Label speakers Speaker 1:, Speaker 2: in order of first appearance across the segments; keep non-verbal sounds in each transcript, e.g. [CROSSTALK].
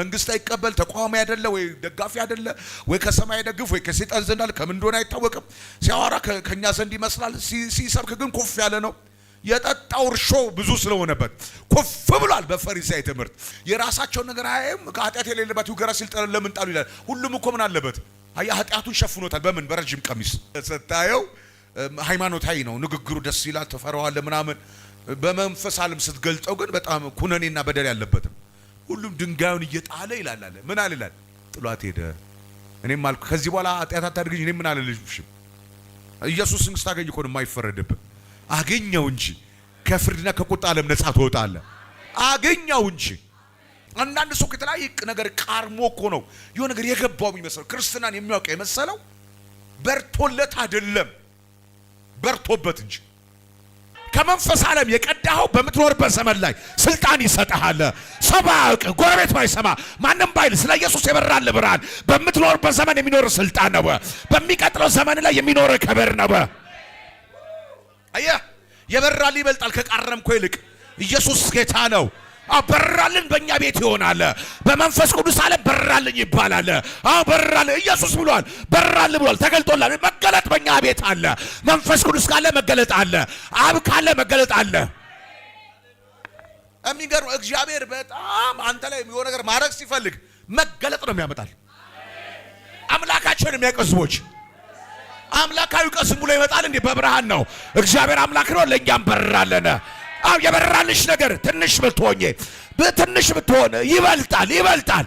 Speaker 1: መንግስት አይቀበል ተቃዋሚ አይደለ ወይ ደጋፊ አይደለ ወይ ከሰማይ ደግፍ ወይ ከሴጣን ዘንዳል አለ ከምን እንደሆነ አይታወቅም። ሲያወራ ከኛ ዘንድ ይመስላል፣ ሲሰብክ ግን ኩፍ ያለ ነው። የጠጣው እርሾ ብዙ ስለሆነበት ኩፍ ብሏል። በፈሪሳይ ትምህርት የራሳቸውን ነገር አይም ከኃጢአት የሌለባት ይውገራ ሲል ጠረ ለምን ጣሉ ይላል። ሁሉም እኮ ምን አለበት አያ ኃጢአቱን ሸፍኖታል። በምን በረጅም ቀሚስ ስታየው ሃይማኖታዊ ነው ንግግሩ፣ ደስ ይላል፣ ትፈራዋለህ ምናምን። በመንፈስ ዓለም ስትገልጠው ግን በጣም ኩነኔና በደል ያለበትም ሁሉም ድንጋዩን እየጣለ ይላል አለ ምን አለ ይላል ጥሏት ሄደ። እኔም አልኩ ከዚህ በኋላ ኃጢአት አታድርግኝ። እኔ ምን አለ ልጅሽም ኢየሱስ ስታገኝ እኮ ነው የማይፈረድብህ። አገኘው እንጂ ከፍርድና ከቁጣ ዓለም ነጻ ትወጣለህ። አገኘው እንጂ አንዳንድ ሰው ከተለያየ ነገር ቃርሞ እኮ ነው የሆነ ነገር የገባው የሚመስለው ክርስትናን የሚያውቅ የመሰለው በርቶለት አይደለም በርቶበት እንጂ ከመንፈስ ዓለም የቀዳኸው በምትኖርበት ዘመን ላይ ስልጣን ይሰጥሃል። ሰባቅ ጎረቤት ባይሰማ ማንም ባይል ስለ ኢየሱስ የበራል ብርሃን በምትኖርበት ዘመን የሚኖር ስልጣን ነው። በሚቀጥለው ዘመን ላይ የሚኖር ክብር ነው። አየህ፣ የበራል ይበልጣል ከቃረምኮ ይልቅ ኢየሱስ ጌታ ነው። በራልን በእኛ ቤት ይሆናል። በመንፈስ ቅዱስ አለ በራልን ይባላል። አዎ በራልን ኢየሱስ ብሏል። በራል ብሏል። ተገልጦላል። መገለጥ በእኛ ቤት አለ። መንፈስ ቅዱስ ካለ መገለጥ አለ። አብ ካለ መገለጥ አለ። የሚገርም እግዚአብሔር በጣም አንተ ላይ የሆነ ነገር ማድረግ ሲፈልግ መገለጥ ነው የሚያመጣል። አምላካችን የሚያውቅ ህዝቦች አምላካዊ ቀስም ብሎ ይመጣል። እንዴ? በብርሃን ነው እግዚአብሔር አምላክ ነው። ለእኛም በራለነ አው የበራልሽ ነገር ትንሽ ብትሆኝ በትንሽ ብትሆን ይበልጣል ይበልጣል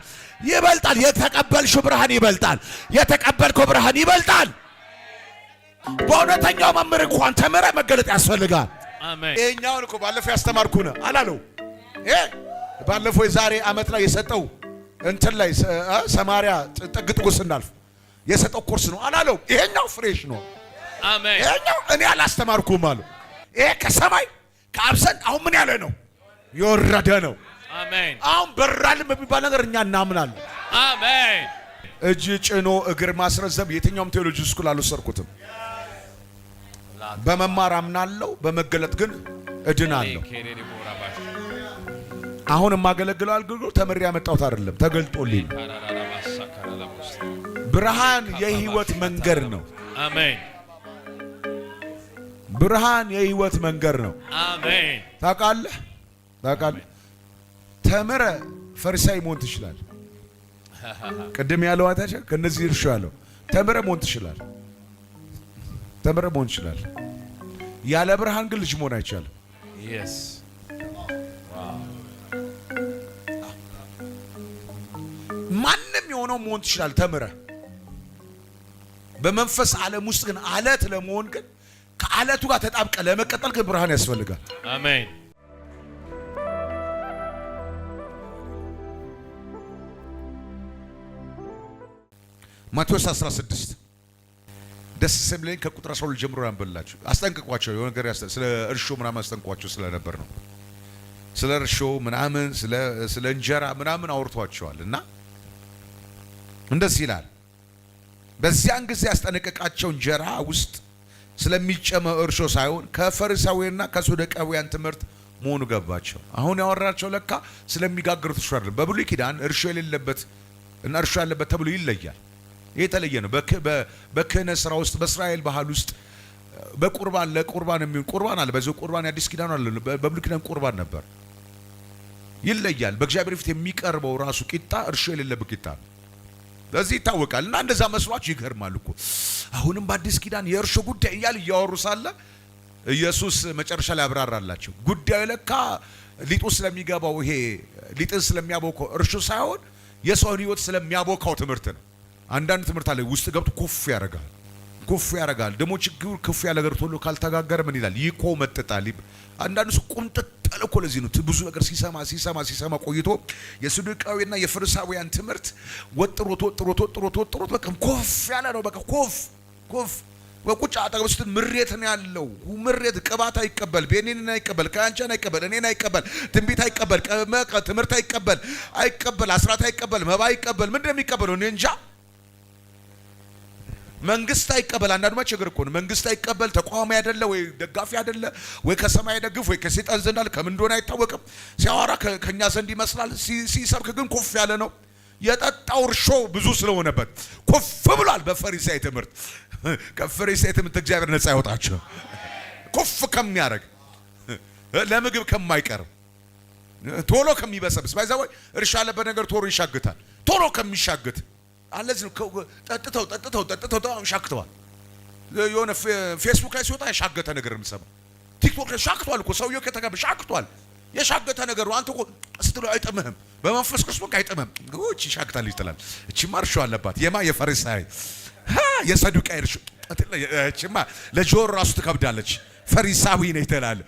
Speaker 1: ይበልጣል። የተቀበልሽው ብርሃን ይበልጣል። የተቀበልከው ብርሃን ይበልጣል። በእውነተኛው መምህር እንኳን ተምረ መገለጥ ያስፈልጋል። አሜን። ይሄኛውን እኮ ባለፈው ያስተማርኩ ነው አላለው። ይሄ ባለፈው የዛሬ አመት ላይ የሰጠው እንትን ላይ ሰማሪያ ጥግጥጉ ስናልፍ የሰጠው ኮርስ ነው አላለው። ይሄኛው ፍሬሽ ነው። አሜን። ይሄኛው እኔ አላስተማርኩም አለው። ይሄ ከሰማይ ካብሰን አሁን ምን ያለ ነው? የወረደ ነው። አሜን። አሁን በራልም የሚባል ነገር እኛ እናምናለን። አሜን። እጅ ጭኖ እግር ማስረዘም የትኛውም ቴዎሎጂ ስኩል አልወሰድኩትም። በመማር አምናለሁ፣ በመገለጥ ግን እድናለሁ። አሁን የማገለግለው አገልግሎት ተምሬ ያመጣሁት አይደለም፣ ተገልጦልኝ ብርሃን የህይወት መንገድ ነው። አሜን። ብርሃን የህይወት መንገድ ነው። አሜን። ታውቃለህ ታውቃለህ ተምረ ፈሪሳይ መሆን ትችላለህ። ቅድም ያለው አታች ከነዚህ እርሾ ያለው ተምረ መሆን ትችላለህ። ተምረ መሆን ትችላለህ። ያለ ብርሃን ግን ልጅ መሆን አይቻልም። ኢየስ ማንም የሆነው መሆን ትችላለህ ተምረ። በመንፈስ ዓለም ውስጥ ግን አለት ለመሆን ግን ከአለቱ ጋር ተጣብቀ ለመቀጠል ግን ብርሃን ያስፈልጋል። አሜን። ማቴዎስ 16 ደስ ስምለኝ ከቁጥር 12 ጀምሮ ያንበላችሁ። አስጠንቅቋቸው የሆነ ነገር ስለ እርሾ ምናምን አስጠንቅቋቸው ስለነበር ነው። ስለ እርሾ ምናምን ስለ እንጀራ ምናምን አውርቷቸዋል። እና እንደዚህ ይላል፣ በዚያን ጊዜ ያስጠነቀቃቸው እንጀራ ውስጥ ስለሚጨመው እርሾ ሳይሆን ከፈሪሳዊና ከሰዱቃውያን ትምህርት መሆኑ ገባቸው። አሁን ያወራቸው ለካ ስለሚጋግሩት እርሾ አይደለም። በብሉይ ኪዳን እርሾ የሌለበት እና እርሾ ያለበት ተብሎ ይለያል። የተለየ ነው። በክህነት ስራ ውስጥ በእስራኤል ባህል ውስጥ በቁርባን ለቁርባን የሚሆን ቁርባን አለ። በዚህ ቁርባን የአዲስ ኪዳን አለ። በብሉይ ኪዳን ቁርባን ነበር፣ ይለያል። በእግዚአብሔር ፊት የሚቀርበው ራሱ ቂጣ እርሾ የሌለበት ቂጣ ነው። ለዚህ ይታወቃል እና እንደዛ መስሏችሁ ይገርማል እኮ አሁንም በአዲስ ኪዳን የእርሾ ጉዳይ እያል እያወሩ ሳለ ኢየሱስ መጨረሻ ላይ አብራራላቸው። ጉዳዩ ለካ ሊጡ ስለሚገባው ይሄ ሊጥን ስለሚያቦካው እርሾ ሳይሆን የሰውን ሕይወት ስለሚያቦካው ትምህርት ነው። አንዳንድ ትምህርት አለ ውስጥ ገብቶ ኩፍ ያደርጋል። ጎፍ ያደርጋል። ደግሞ ችግሩ ክፉ ያለ ነገር ቶሎ ካልተጋገረ ምን ይላል? ይቆመጥጣል። አንዳንዱ ሰው ቁምጥጥ ያለ እኮ ለዚህ ነው። ብዙ ነገር ሲሰማ ሲሰማ ሲሰማ ቆይቶ የሰዱቃዊና የፈሪሳውያን ትምህርት ወጥሮት ወጥሮት ወጥሮት ወጥሮት በቃ ኮፍ ያለ ነው። በቃ ኮፍ ኮፍ በቁጭ አጠገብ ስትል ምሬት ነው ያለው። ምሬት ቅባት አይቀበል፣ ቤኒን አይቀበል፣ ከአንቻን አይቀበል፣ እኔን አይቀበል፣ ትንቢት አይቀበል፣ ትምህርት አይቀበል አይቀበል፣ አስራት አይቀበል፣ መባ አይቀበል። ምንድን ነው የሚቀበለው? እኔ እንጃ መንግስት አይቀበል። አንዳንዱማ ችግር እኮ ነው። መንግስት አይቀበል ተቋሚ አይደለ ወይ ደጋፊ አይደለ ወይ ከሰማይ ደግፍ ወይ ከሴጣን ዘንዳል ከምን እንደሆነ አይታወቅም። ሲያወራ ከኛ ዘንድ ይመስላል፣ ሲሰብክ ግን ኩፍ ያለ ነው። የጠጣው እርሾ ብዙ ስለሆነበት ኩፍ ብሏል። በፈሪሳይ ትምህርት [LAUGHS] ከፈሪሳይ ትምህርት እግዚአብሔር ነጻ ያወጣቸው። ኩፍ ከሚያደርግ [LAUGHS] ለምግብ ከማይቀርብ ቶሎ ከሚበሰብስ ባይዛ ወይ እርሻ ያለበት ነገር ቶሎ ይሻግታል። ቶሎ ከሚሻግት አለዚህ ነው። ጠጥተው ጠጥተው ጠጥተው አሁን ሻክተዋል። የሆነ ፌስቡክ ላይ ሲወጣ የሻገተ ነገር የምሰማው ቲክቶክ ላይ ሻክቷል እኮ ሰውየው ከተጋበ ሻክቷል። የሻገተ ነገር ነው። አንተ እኮ ስትለው አይጥምህም። በመንፈስ ቅዱስ በቃ አይጥምህም። እቺ ሻክታለች ይችላል። እቺማ እርሾ አለባት። የማ የፈሪሳዊ የሰዱቃይ እርሾ እቺማ ለጆሮ ራሱ ትከብዳለች። ፈሪሳዊ ነ ይተላል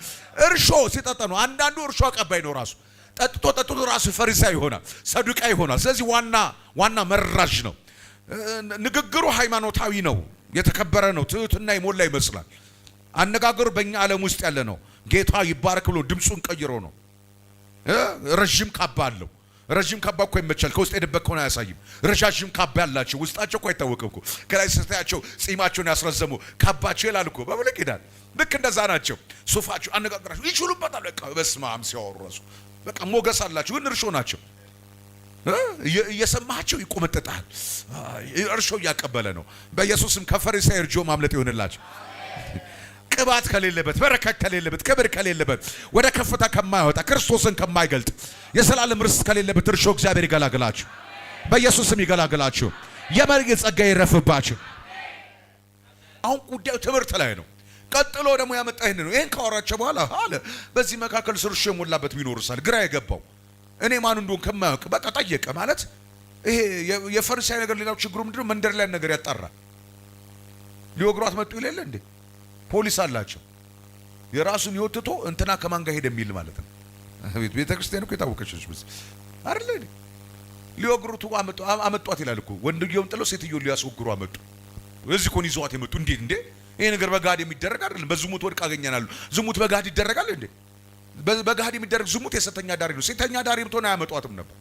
Speaker 1: እርሾ ሲጠጠ ነው። አንዳንዱ እርሾ አቀባይ ነው ራሱ ጠጥቶ ጠጥቶ ራሱ ፈሪሳይ ይሆናል፣ ሰዱቃ ይሆናል። ስለዚህ ዋና ዋና መራዥ ነው። ንግግሩ ሃይማኖታዊ ነው፣ የተከበረ ነው፣ ትህትና የሞላ ይመስላል። አነጋገሩ በእኛ ዓለም ውስጥ ያለ ነው። ጌታ ይባረክ ብሎ ድምፁን ቀይሮ ነው። ረዥም ካባ አለው። ረዥም ካባ እኮ ይመቻል። ከውስጥ የደበቅ ከሆነ አያሳይም። ረዣዥም ካባ ያላቸው ውስጣቸው እኮ አይታወቅም እኮ ከላይ ስታያቸው ጺማቸውን ያስረዘሙ ካባቸው ይላል እኮ በብሉይ ኪዳን ልክ እንደዛ ናቸው። ሱፋቸው፣ አነጋገራቸው ይችሉበታል። በቃ በስመ አብ ሲያወሩ ራሱ በቃ ሞገስ አላቸው፣ ግን እርሾ ናቸው። እየሰማቸው ይቆመጥጣል። እርሾ እያቀበለ ነው። በኢየሱስም ከፈሪሳይ እርጆ ማምለጥ ይሆንላቸው። ቅባት ከሌለበት፣ በረከት ከሌለበት፣ ክብር ከሌለበት፣ ወደ ከፍታ ከማይወጣ ክርስቶስን ከማይገልጥ የዘላለም ርስት ከሌለበት እርሾ እግዚአብሔር ይገላግላችሁ፣ በኢየሱስም ይገላግላችሁ። የመርግ ጸጋ ይረፍባችሁ። አሁን ጉዳዩ ትምህርት ላይ ነው። ቀጥሎ ደግሞ ያመጣ ይህን ነው። ይህን ካወራቸው በኋላ አለ በዚህ መካከል ስርሽ የሞላበት ቢኖርሳል ግራ የገባው እኔ ማን እንደሆን ከማያውቅ በቃ ጠየቀ ማለት ይሄ የፈሪሳይ ነገር። ሌላው ችግሩ ምንድነው? መንደር ላይ ነገር ያጣራ ሊወግሯት መጡ ይለለ እንዴ ፖሊስ አላቸው። የራሱን ህይወት እንትና ከማን ጋር ሄደ የሚል ማለት ነው። ቤተ ክርስቲያን እኮ የታወቀች ነች አይደል? ሊወግሩት አመጧት ይላል እኮ ወንድየውም ጥለው ሴትዮ ሊያስወግሩ አመጡ። እዚህ ኮን ይዘዋት የመጡ እንዴት እንዴ ይሄ ነገር በጋድ የሚደረግ አይደለም። በዝሙት ወድቅ አገኘናሉ። ዝሙት በጋድ ይደረጋል እንዴ? በጋድ የሚደረግ ዝሙት የሴተኛ ዳሪ ነው። ሴተኛ ዳሪ ብትሆን አያመጧትም ነበር።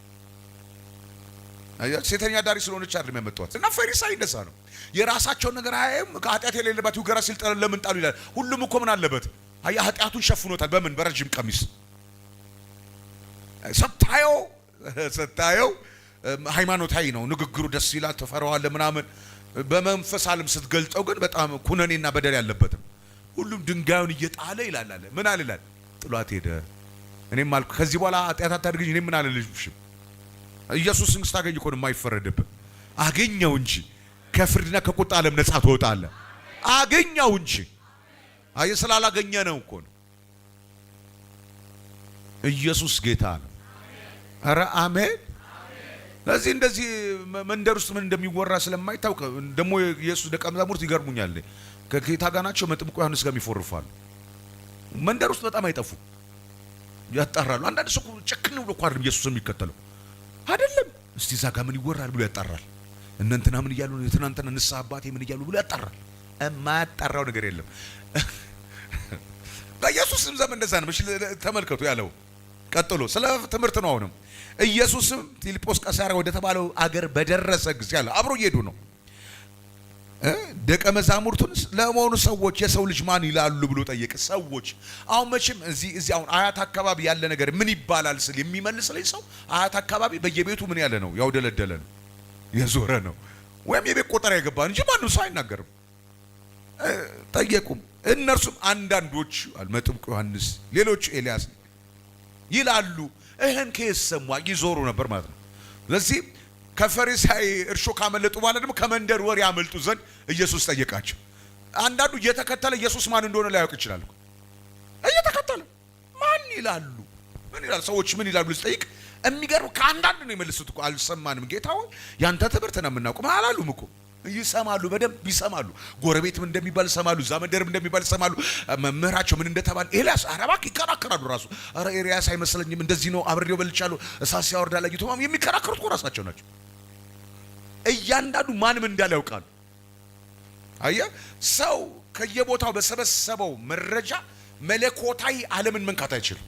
Speaker 1: ሴተኛ ዳሪ ስለሆነች አይደለም ያመጧት። እና ፈሪሳይ እንደዛ ነው። የራሳቸውን ነገር አያዩም። ከኃጢአት የሌለባት ይውገራ ሲል ለምንጣሉ ይላል። ሁሉም እኮ ምን አለበት? አያ ኃጢአቱን ሸፍኖታል። በምን በረጅም ቀሚስ ስታየው ስታየው ሃይማኖታዊ ነው። ንግግሩ ደስ ይላል። ትፈራዋለህ ምናምን በመንፈስ ዓለም ስትገልጠው ግን በጣም ኩነኔና በደል ያለበትም ሁሉም ድንጋዩን እየጣለ ይላል አለ። ምን አለ ይላል? ጥሏት ሄደ። እኔም አልኩ ከዚህ በኋላ ኃጢአት አታድርግኝ። እኔ ምን አልልሽም። ኢየሱስን ስታገኝ እኮ ነው የማይፈረድብህ። አገኘው እንጂ ከፍርድና ከቁጣ ዓለም ነጻ ትወጣለህ። አገኘው እንጂ አየ ስላላገኘ ነው እኮ ነው። ኢየሱስ ጌታ ነው። ኧረ አሜን ስለዚህ እንደዚህ መንደር ውስጥ ምን እንደሚወራ ስለማይታወቅ ደግሞ የኢየሱስ ደቀ መዛሙርት ይገርሙኛል። ከጌታ ጋር ናቸው፣ መጥምቁ ዮሐንስ ጋር ይፎርፋሉ። መንደር ውስጥ በጣም አይጠፉ ያጣራሉ። አንዳንድ ሰው ጨክን ብሎ እኮ ኢየሱስ የሚከተለው አይደለም። እስቲ እዛ ጋር ምን ይወራል ብሎ ያጣራል። እነ እንትና ምን እያሉ ትናንትና ንስሐ አባቴ ምን እያሉ ብሎ ያጣራል። የማያጣራው ነገር የለም። [LAUGHS] በኢየሱስም ዘመን እንደዛ ነው። ተመልከቱ ያለው ቀጥሉ። ስለ ትምህርት ነው። አሁንም ኢየሱስም ፊልጶስ ቂሳርያ ወደ ተባለው አገር በደረሰ ጊዜ አለ። አብሮ እየሄዱ ነው። ደቀ መዛሙርቱን ለመሆኑ ሰዎች የሰው ልጅ ማን ይላሉ ብሎ ጠየቀ። ሰዎች አሁን መቼም እዚህ እዚህ አሁን አያት አካባቢ ያለ ነገር ምን ይባላል ስል የሚመልስ ላይ ሰው አያት አካባቢ በየቤቱ ምን ያለ ነው፣ ያው ደለደለ ነው፣ የዞረ ነው፣ ወይም የቤት ቆጠራ የገባ እንጂ ማንም ሰው አይናገርም። ጠየቁም። እነርሱም አንዳንዶች አልመጥምቁ ዮሐንስ፣ ሌሎቹ ኤልያስ ይላሉ። ይህን ከየት ይዞሩ ነበር ማለት ነው። ስለዚህ ከፈሪሳይ እርሾ ካመለጡ በኋላ ደግሞ ከመንደር ወር ያመልጡ ዘንድ ኢየሱስ ጠየቃቸው። አንዳንዱ እየተከተለ ኢየሱስ ማን እንደሆነ ላያውቅ ይችላል። እየተከተለ ማን ይላሉ ምን ይላሉ ሰዎች ምን ይላሉ ልጠይቅ። የሚገርም ከአንዳንድ ነው የመልሱት እኮ አልሰማንም ጌታ ሆይ ያንተ ትምህርት ነው የምናውቁ አላሉም እኮ ይሰማሉ፣ በደንብ ይሰማሉ። ጎረቤት ምን እንደሚባል ይሰማሉ፣ እዛ እንደሚባል ይሰማሉ። መምህራቸው ምን እንደተባለ ኤልያስ አረባክ ይከራከራሉ። ራሱ አረ ኤልያስ አይመስለኝም፣ እንደዚህ ነው፣ አብሬው በልቻለሁ፣ እሳት ሲያወርዳ ላይ ይተማም። የሚከራከሩት ራሳቸው ናቸው። እያንዳንዱ ማንም እንዳለ ያውቃሉ። ሰው ከየቦታው በሰበሰበው መረጃ መለኮታዊ ዓለምን መንካት አይችልም።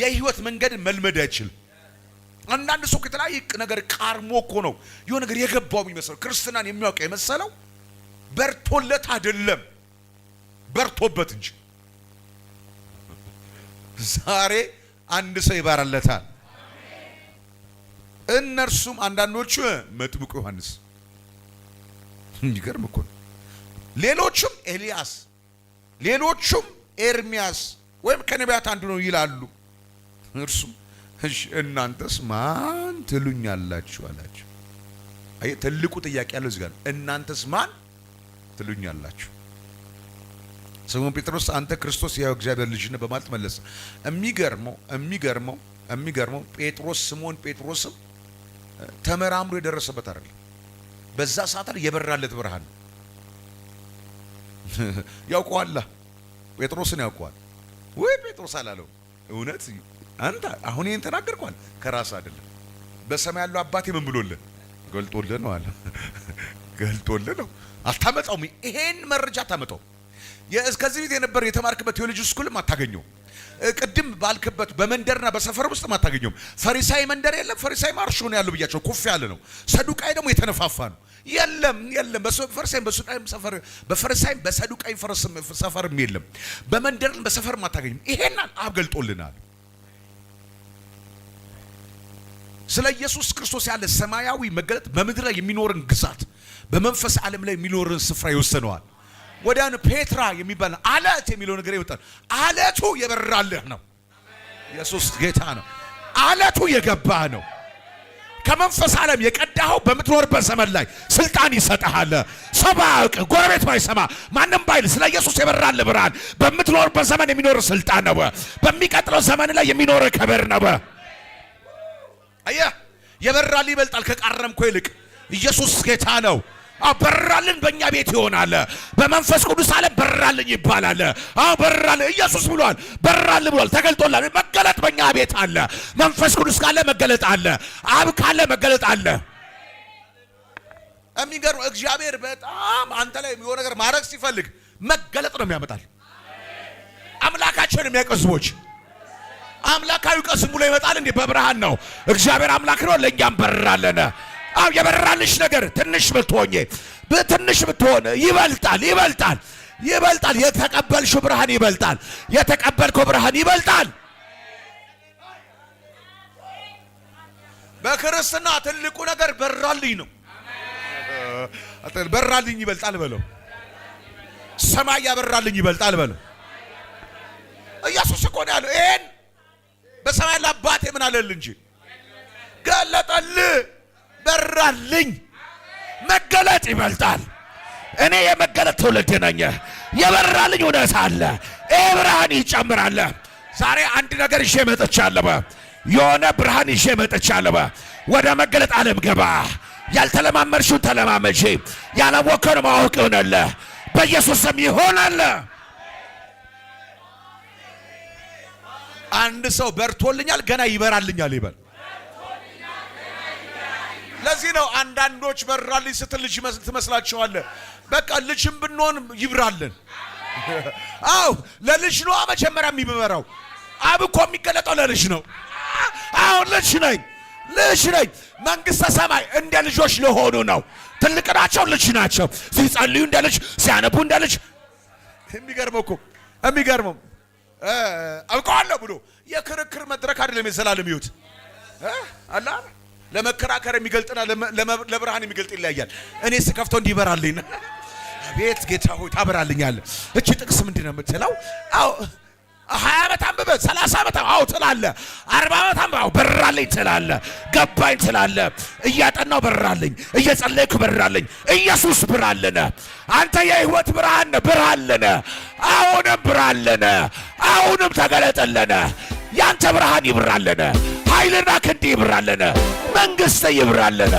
Speaker 1: የህይወት መንገድን መልመድ አይችልም። አንዳንድ ሰው ከተለያየ ነገር ቃርሞ እኮ ነው የሆነ ነገር የገባው የሚመስለው ክርስትናን የሚያውቅ የመሰለው በርቶለት አይደለም፣ በርቶበት እንጂ። ዛሬ አንድ ሰው ይባራለታል። እነርሱም አንዳንዶቹ መጥምቁ ዮሐንስ፣ የሚገርም እኮ ነው። ሌሎቹም ኤልያስ፣ ሌሎቹም ኤርሚያስ ወይም ከነቢያት አንዱ ነው ይላሉ። እርሱም እሺ እናንተስ ማን ትሉኛላችሁ አላችሁ። አይ ትልቁ ጥያቄ ያለው እዚህ ጋር እናንተስ ማን ትሉኛላችሁ? ስምዖን ጴጥሮስ አንተ ክርስቶስ ያው እግዚአብሔር ልጅ ነህ በማለት መለሰ። የሚገርመው የሚገርመው የሚገርመው ጴጥሮስ ስምዖን ጴጥሮስም ተመራምሮ የደረሰበት አይደል። በዛ ሰዓት ላይ የበራለት ብርሃን ነው። ያውቀዋላ ጴጥሮስን ያውቀዋል ወይ ጴጥሮስ አላለው እውነት አንተ አሁን ይህን ተናገርኳል ከራስ አይደለም። በሰማይ ያለው አባቴ ምን ብሎልህ ገልጦልህ ነው አለ። [LAUGHS] ገልጦልህ ነው አታመጣውም። ይሄን መረጃ አታመጣው። እስከዚህ ቤት የነበረ የተማርክበት ቴዎሎጂ ስኩልም አታገኘው። ቅድም ባልክበት በመንደርና በሰፈር ውስጥ አታገኘውም። ፈሪሳይ መንደር የለም። ፈሪሳይ ማርሽ ነው ያለው ብያቸው ኩፍ ያለ ነው። ሰዱቃይ ደግሞ የተነፋፋ ነው። የለም የለም። በፈሪሳይም በሰዱቃይም ሰፈር በፈሪሳይም በሰዱቃይም ሰፈርም የለም። በመንደርም በሰፈርም አታገኝም። ይሄን አብ ገልጦልናል። ስለ ኢየሱስ ክርስቶስ ያለ ሰማያዊ መገለጥ በምድር ላይ የሚኖርን ግዛት በመንፈስ ዓለም ላይ የሚኖርን ስፍራ ይወሰነዋል። ወዲያን ፔትራ የሚባል አለት የሚለው ነገር ይወጣል። አለቱ የበራልህ ነው። ኢየሱስ ጌታ ነው። አለቱ የገባህ ነው። ከመንፈስ ዓለም የቀዳኸው በምትኖርበት ዘመን ላይ ስልጣን ይሰጥሃል። ሰባ ያውቅ ጎረቤት ባይሰማ ማንም ባይል ስለ ኢየሱስ የበራል ብርሃን በምትኖርበት ዘመን የሚኖር ስልጣን ነው። በሚቀጥለው ዘመን ላይ የሚኖር ክብር ነው። አየህ የበራል ይበልጣል ከቃረምኮ ይልቅ ኢየሱስ ጌታ ነው። በራልን በእኛ ቤት ይሆናል። በመንፈስ ቅዱስ አለ በራልኝ ይባላል። አዎ በራል ኢየሱስ ብሏል። በራል ብሏል። ተገልጦላል። መገለጥ በእኛ ቤት አለ። መንፈስ ቅዱስ ካለ መገለጥ አለ። አብ ካለ መገለጥ አለ። የሚገርም እግዚአብሔር በጣም አንተ ላይ የሆነ ነገር ማድረግ ሲፈልግ መገለጥ ነው የሚያመጣል። አምላካችንን የሚያቀዝቦች አምላካዊ ቀስም ብሎ ይመጣል። እንዴ? በብርሃን ነው እግዚአብሔር አምላክ ነው። ለእኛም በራለነ አብ የበራልሽ ነገር ትንሽ ብትሆኝ ትንሽ ብትሆን ይበልጣል ይበልጣል ይበልጣል። የተቀበልሽው ብርሃን ይበልጣል። የተቀበልከው ብርሃን ይበልጣል። በክርስትና ትልቁ ነገር በራልኝ ነው። አሜን። በራልኝ ይበልጣል በለው። ሰማይ ያበራልኝ ይበልጣል በለው። ኢየሱስ እኮ ነው ያለው ይሄን በሰማይ ያለ አባቴ ምን አለል እንጂ ገለጠል በራልኝ። መገለጥ ይበልጣል። እኔ የመገለጥ ትውልድ ነኝ። የበራልኝ እውነት አለ። ይሄ ብርሃን ይጨምራል። ዛሬ አንድ ነገር ይዤ መጥቻለሁ። የሆነ ብርሃን ይዤ መጥቻለሁ። ወደ መገለጥ ዓለም ገባ። ያልተለማመድሽውን ተለማመጂ። ያላወቅከውን ማወቅ ይሆናል። በኢየሱስ ስም ይሆናል። አንድ ሰው በርቶልኛል፣ ገና ይበራልኛል ይበል። ለዚህ ነው አንዳንዶች በራልኝ ስትል ልጅ ትመስላቸዋለህ። በቃ ልጅም ብንሆን ይብራልን። [LAUGHS] አው ለልጅ ነው መጀመሪያ የሚበራው። አብ እኮ የሚገለጠው ለልጅ ነው። አዎ ልጅ ነኝ፣ ልጅ ነኝ። መንግሥተ ሰማይ እንደ ልጆች ለሆኑ ነው። ትልቅ ናቸው፣ ልጅ ናቸው። ሲጸልዩ እንደ ልጅ፣ ሲያነቡ እንደ ልጅ። የሚገርመው እኮ የሚገርመው አብቀዋለሁ ብሎ የክርክር መድረክ አይደለም። የዘላለም ሕይወት አላ ለመከራከር የሚገልጥና ለብርሃን የሚገልጥ ይለያያል። እኔ ስከፍተው እንዲበራልኝ ቤት ጌታ ሆይ ታበራልኛለህ። እቺ ጥቅስ ምንድን ነው የምትለው? አዎ ሀያ ዓመት አንብበህ ሰላሳ ዓመት አዎ ትላለህ። አርባ ዓመት አንብበህ አዎ በራልኝ ገባኝ ትላለህ። እያጠናው በራልኝ፣ እየጸለይኩ በራልኝ። ኢየሱስ ብራለነ አንተ የሕይወት ብርሃን ብራለነ አሁንም ብራለነ አሁንም ተገለጠለነ። ያንተ ብርሃን ይብራለነ። ኃይልና ክንድ ይብራለነ። መንግሥት ይብራለነ።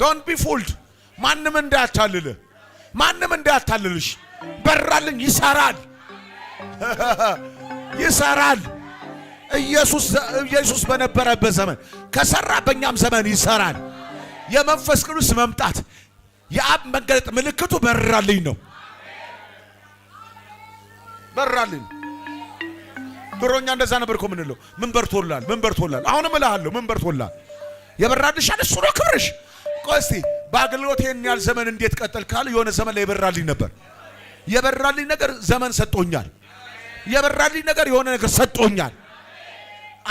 Speaker 1: ዶንት ቢ ፉልድ ማንም እንዳያታልልህ፣ ማንም እንዳያታልልሽ በራልን ይሰራል፣ ይሰራል። ኢየሱስ ኢየሱስ በነበረበት ዘመን ከሰራ በእኛም ዘመን ይሰራል። የመንፈስ ቅዱስ መምጣት የአብ መገለጥ ምልክቱ በራልኝ ነው። በራልኝ ድሮኛ እንደዛ ነበር እኮ ምንለው፣ ምን በርቶላል፣ ምን በርቶላል። አሁንም እልሃለሁ ምን በርቶላል። የበራልሻል እሱ ነው ክብርሽ። ቆይ እስቲ በአገልግሎት ይህን ያህል ዘመን እንዴት ቀጠልካል? የሆነ ዘመን ላይ የበራልኝ ነበር የበራልኝ ነገር ዘመን ሰጥቶኛል። የበራልኝ ነገር የሆነ ነገር ሰጥቶኛል።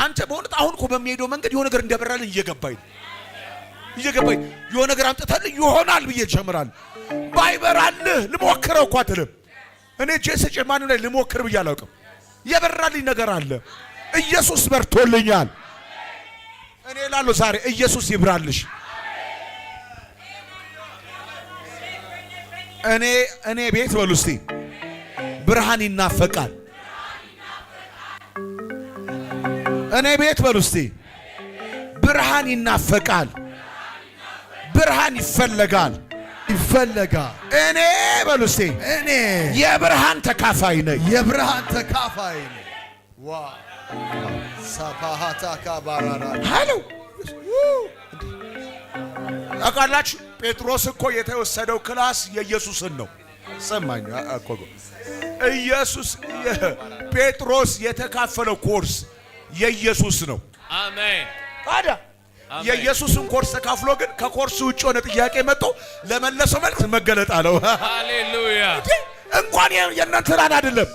Speaker 1: አንተ በእውነት አሁን እኮ በሚሄደው መንገድ የሆነ ነገር እንደበራልኝ እየገባኝ እየገባኝ የሆነ ነገር አምጥተልኝ ይሆናል ብዬ ጀምራለሁ። ባይበራልህ ልሞክረው እኮ አትልም። እኔ ጄስጭ ማንም ላይ ልሞክር ብዬ አላውቅም። የበራልኝ ነገር አለ። ኢየሱስ በርቶልኛል። እኔ እላለሁ ዛሬ ኢየሱስ ይብራልሽ። እኔ እኔ ቤት በሉ እስቲ ብርሃን ይናፈቃል። እኔ ቤት በሉ እስቲ ብርሃን ይናፈቃል። ብርሃን ይፈለጋል ይፈለጋል። እኔ በሉ እስቲ እኔ የብርሃን ተካፋይ ነኝ። የብርሃን ተካፋይ ነኝ። ዋ ሳፋሃታ ሃሎ አቃላችሁ ጴጥሮስ እኮ የተወሰደው ክላስ የኢየሱስን ነው። ሰማኝ እኮ ኢየሱስ ጴጥሮስ የተካፈለው ኮርስ የኢየሱስ ነው። አሜን። ታዲያ የኢየሱስን ኮርስ ተካፍሎ ግን ከኮርስ ውጭ የሆነ ጥያቄ መጥቶ ለመለሰው መልስ መገለጥ አለው። ሃሌሉያ! እንኳን የእናንትናን አይደለም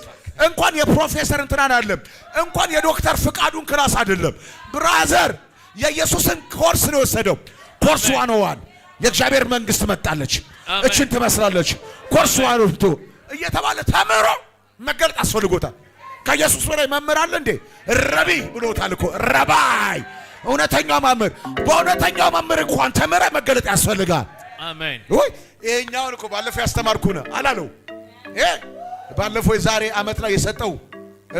Speaker 1: እንኳን የፕሮፌሰር እንትናን አይደለም እንኳን የዶክተር ፍቃዱን ክላስ አይደለም፣ ብራዘር የኢየሱስን ኮርስ ነው የወሰደው። ኮርስ ዋን ዋን የእግዚአብሔር መንግስት መጣለች፣ እችን ትመስላለች፣ ኮርስ ዋኖቶ እየተባለ ተምሮ መገለጥ አስፈልጎታል። ከኢየሱስ በላይ መምህር አለ እንዴ? ረቢ ብሎታል እኮ ረባይ፣ እውነተኛው መምህር። በእውነተኛው መምህር እንኳን ተምረ መገለጥ ያስፈልጋል። አሜን። ወይ ይሄኛውን እኮ ባለፈው ያስተማርኩህ ነው አላለው። ባለፈው የዛሬ አመት ላይ የሰጠው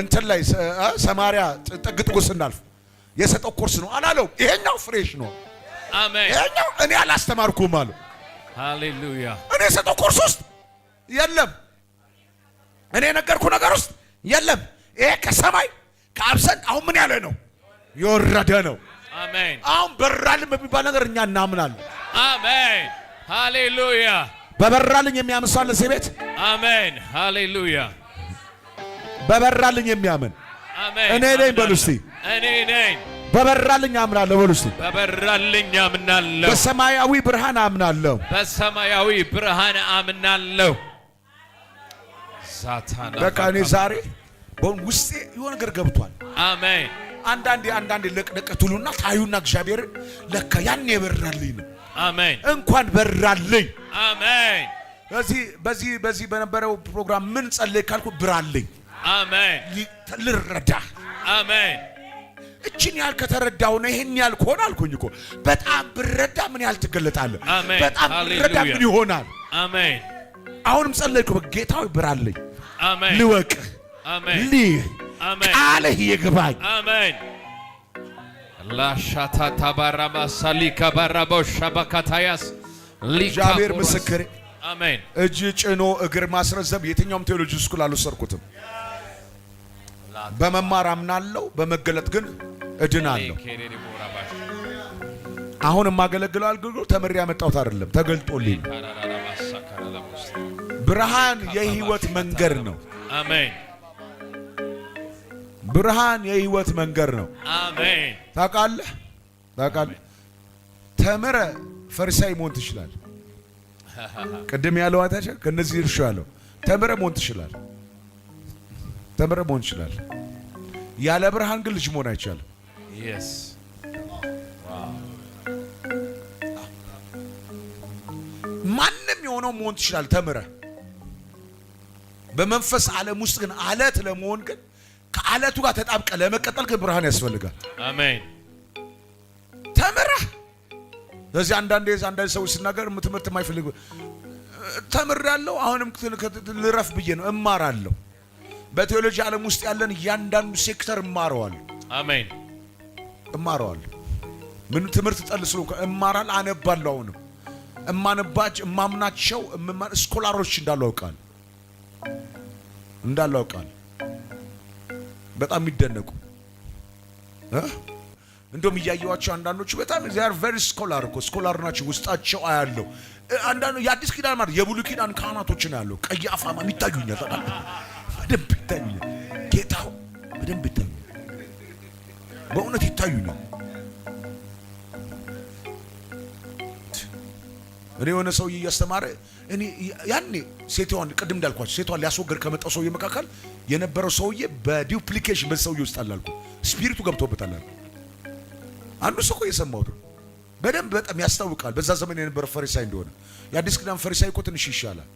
Speaker 1: እንትን ላይ ሰማሪያ ጥግ ጥጉ ስናልፍ የሰጠው ኮርስ ነው አላለው። ይሄኛው ፍሬሽ ነው። አሜን። ይሄኛው እኔ አላስተማርኩም አሉ። ሃሌሉያ። እኔ ሰጠው ኮርስ ውስጥ የለም፣ እኔ የነገርኩ ነገር ውስጥ የለም። ይሄ ከሰማይ ከአብሰን አሁን ምን ያለ ነው የወረደ ነው። አሜን። አሁን በራልም የሚባል ነገር እኛ እናምናለን። አሜን። ሃሌሉያ። በበራልኝ የሚያምን ሰው አለ እዚህ ቤት? አሜን። ሃሌሉያ። በበራልኝ የሚያምን እኔ ነኝ በሉ እስቲ እኔ ነኝ በበራልኝ አምናለሁ። በሉ እስቲ በበራልኝ አምናለሁ። በሰማያዊ ብርሃን አምናለሁ። በሰማያዊ ብርሃን አምናለሁ። ዛታና በቃ እኔ ዛሬ በሁን ውስጤ የሆነ ነገር ገብቷል። አሜን። አንዳንዴ አንዳንዴ ለቅለቅ ትሉና ታዩና እግዚአብሔር ለካ ያን በራልኝ ነው። አሜን። እንኳን በራልኝ። አሜን። በዚህ በዚህ በዚህ በነበረው ፕሮግራም ምን ጸለይ ካልኩ ብራልኝ። አሜን። ልረዳ። አሜን እችን ያህል ከተረዳው ነው ይሄን ያህል ከሆነ አልኩኝ እኮ በጣም ብረዳ ምን ያህል ትገለጣለህ? በጣም ብረዳ ምን ይሆናል? አሜን። አሁንም ጸለይኩ፣ በጌታው ይብራልኝ፣ አሜን። ልወቅ፣ አሜን። ልይህ፣ ቃልህ ይግባኝ። አሜን። ላሻታ ታባራማ ሳሊካ ባራቦ ሻባካታያስ እግዚአብሔር ምስክሬ። አሜን። እጅ ጭኖ እግር ማስረዘም የትኛውም ቴዎሎጂ ስኩል አልወሰድኩትም። በመማር አምናለሁ፣ በመገለጥ ግን እድናለሁ። አሁን የማገለግለው አገልግሎት ተምሬ ያመጣሁት አይደለም፣ ተገልጦልኝ ብርሃን የህይወት መንገድ ነው። አሜን። ብርሃን የህይወት መንገድ ነው። አሜን። ታውቃለህ ታውቃለህ፣ ተምረ ፈሪሳይ መሆን ትችላለህ። ቅድም ያለው አታቸ ከነዚህ እርሾ ያለው ተምረ መሆን ትችላለህ። ተምረ መሆን ይችላል። ያለ ብርሃን ግን ልጅ መሆን አይቻልም። ማንም የሆነው መሆን ትችላል ተምረ። በመንፈስ ዓለም ውስጥ ግን አለት ለመሆን ግን ከአለቱ ጋር ተጣብቀ ለመቀጠል ግን ብርሃን ያስፈልጋል። አሜን። ተምረህ ስለዚህ አንዳንዴ አንዳንድ ሰዎች ሲናገር ትምህርት የማይፈልግ ተምር ያለው አሁንም ልረፍ ብዬ ነው እማራለሁ በቴዎሎጂ ዓለም ውስጥ ያለን እያንዳንዱ ሴክተር እማረዋል። አሜን። እማረዋል። ምን ትምህርት ጠልስሎ እማራል አነባለሁ። አሁንም እማነባች እማምናቸው ስኮላሮች እንዳሉ አውቃለሁ እንዳሉ አውቃለሁ። በጣም የሚደነቁ እንደውም እያየዋቸው አንዳንዶቹ በጣም ዚር ቨሪ ስኮላር እኮ ስኮላር ናቸው። ውስጣቸው አያለው። አንዳንዱ የአዲስ ኪዳን ማለት የብሉይ ኪዳን ነው ያለው አፋማ የሚታዩኛል በደንብ ተን ጌታ በደንብ ይታዩ፣ በእውነት ይታዩኛል። እኔ የሆነ ሰውዬ እያስተማረ እኔ ያኔ ሴቷን ቅድም እንዳልኳቸው ሴቷን ሊያስወግድ ከመጣው ሰውዬ መካከል የነበረው ሰውዬ በዲፕሊኬሽን በዚህ ሰውዬ ውስጥ አላልኩ ስፒሪቱ ገብቶበታል አልኩ። አንዱ ሰው እኮ የሰማሁት በደንብ በጣም ያስታውቃል። በዛ ዘመን የነበረ ፈሪሳይ እንደሆነ የአዲስ ኪዳን ፈሪሳይ እኮ ትንሽ ይሻላል።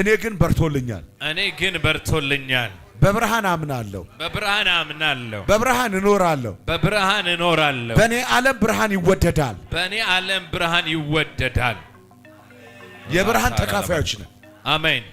Speaker 1: እኔ ግን በርቶልኛል። እኔ ግን በርቶልኛል። በብርሃን አምናለሁ። በብርሃን አምናለሁ። በብርሃን እኖራለሁ። በብርሃን እኖራለሁ። በእኔ ዓለም ብርሃን ይወደዳል። በእኔ ዓለም ብርሃን ይወደዳል። የብርሃን ተካፋዮች ነን። አሜን።